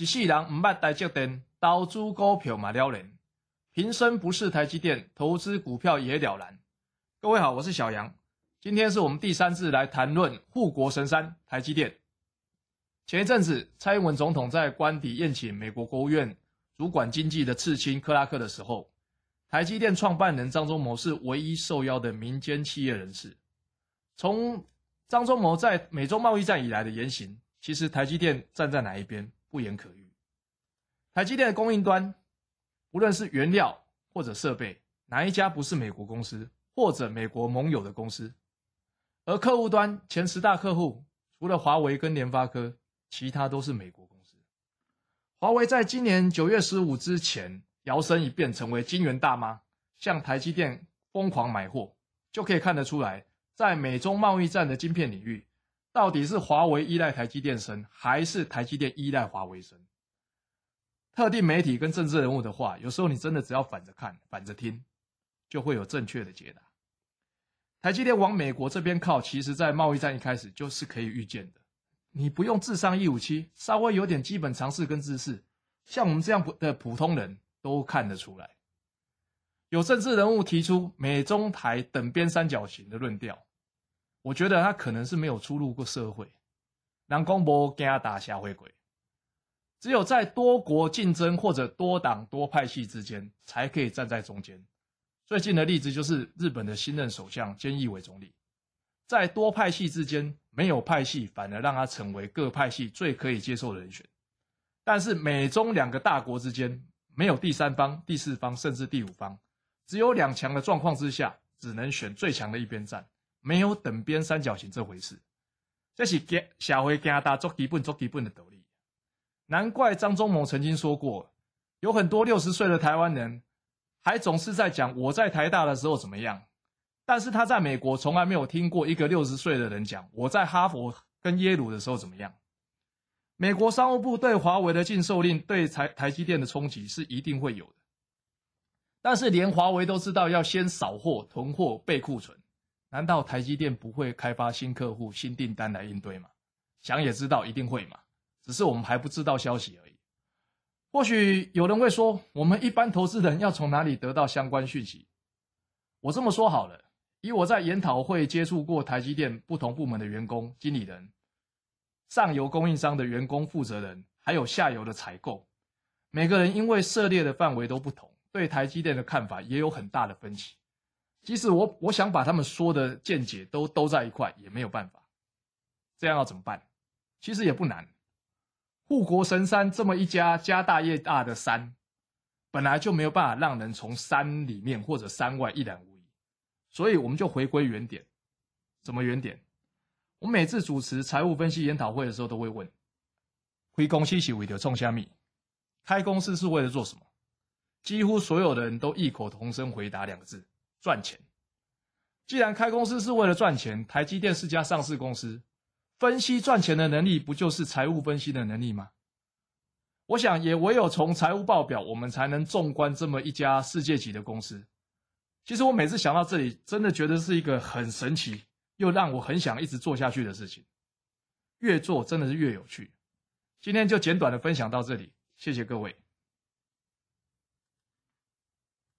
一世人不平生不識台積電，投資股票也了然。各位好，我是小楊。今天是我們第三次來談論護國神山台積電。前一陣子，蔡英文總統在官邸宴請美國國務院主管經濟的次卿克拉克的時候，台積電創辦人張忠謀是唯一受邀的民間企業人士。從張忠謀在美中貿易戰以來的言行，其實台積電站在哪一邊，不言可喻。台積電的供應端，無論是原料或者設備，哪一家不是美國公司或者美國盟友的公司？而客戶端前十大客戶，除了華為跟聯發科，其他都是美國公司。華為在今年九月十五之前，搖身一變成為金元大媽，向台積電瘋狂買貨，就可以看得出來，在美中貿易戰的晶片領域，到底是華為依賴台積電深，還是台積電依賴華為深？特定媒體跟政治人物的話，有時候你真的只要反着看，反着聽，就會有正確的解答。台積電往美國這邊靠，其實，在貿易戰一開始就是可以預見的。你不用智商一五七，稍微有點基本常識跟知識，像我們這樣的普通人都看得出來。有政治人物提出美中台等邊三角形的論調，我覺得他可能是沒有出入過社會，南公博給他打社回鬼。只有在多國競爭或者多黨多派系之間，才可以站在中間。最近的例子就是日本的新任首相菅義偉總理，在多派系之間沒有派系，反而讓他成為各派系最可以接受的人選。但是美中兩個大國之間沒有第三方、第四方，甚至第五方，只有兩強的狀況之下，只能選最強的一邊站，沒有等邊三角形這回事。這是下回會拿大做基本做基本的道理。難怪張忠謀曾經說過，有很多六十歲的台灣人，還總是在講我在台大的時候怎麼樣，但是他在美國從來沒有聽過一個六十歲的人講我在哈佛跟耶魯的時候怎麼樣。美國商務部對華為的禁售令，對台、台積電的衝擊是一定會有的，但是連華為都知道要先掃貨、囤貨、備庫存，難道台積電不會開發新客戶、新訂單來應對嗎？想也知道一定會嘛。只是我們還不知道消息而已。或許有人會說，我們一般投資人要從哪裡得到相關訊息？我這麼說好了，以我在研討會接觸過台積電不同部門的員工、經理人、上游供應商的員工負責人，還有下游的採購，每個人因為涉獵的範圍都不同，對台積電的看法也有很大的分歧。即使我我想把他們說的見解都兜在一塊，也沒有辦法。這樣要怎麼辦？其實也不難。護國神山這麼一家家大業大的山，本來就沒有辦法讓人從山裡面或者山外一覽無遺，所以我們就回歸原點。怎麼原點？我每次主持財務分析研討會的時候，都會問：開公司是為了種蝦米？開公司是為了做什麼？幾乎所有的人都異口同聲回答兩個字：賺錢。既然開公司是為了賺錢，台積電是家上市公司，分析賺錢的能力不就是財務分析的能力嗎？我想也唯有從財務報表，我們才能縱觀這麼一家世界級的公司。其實我每次想到這裡，真的覺得是一個很神奇，又讓我很想一直做下去的事情。越做真的是越有趣。今天就簡短的分享到這裡，謝謝各位。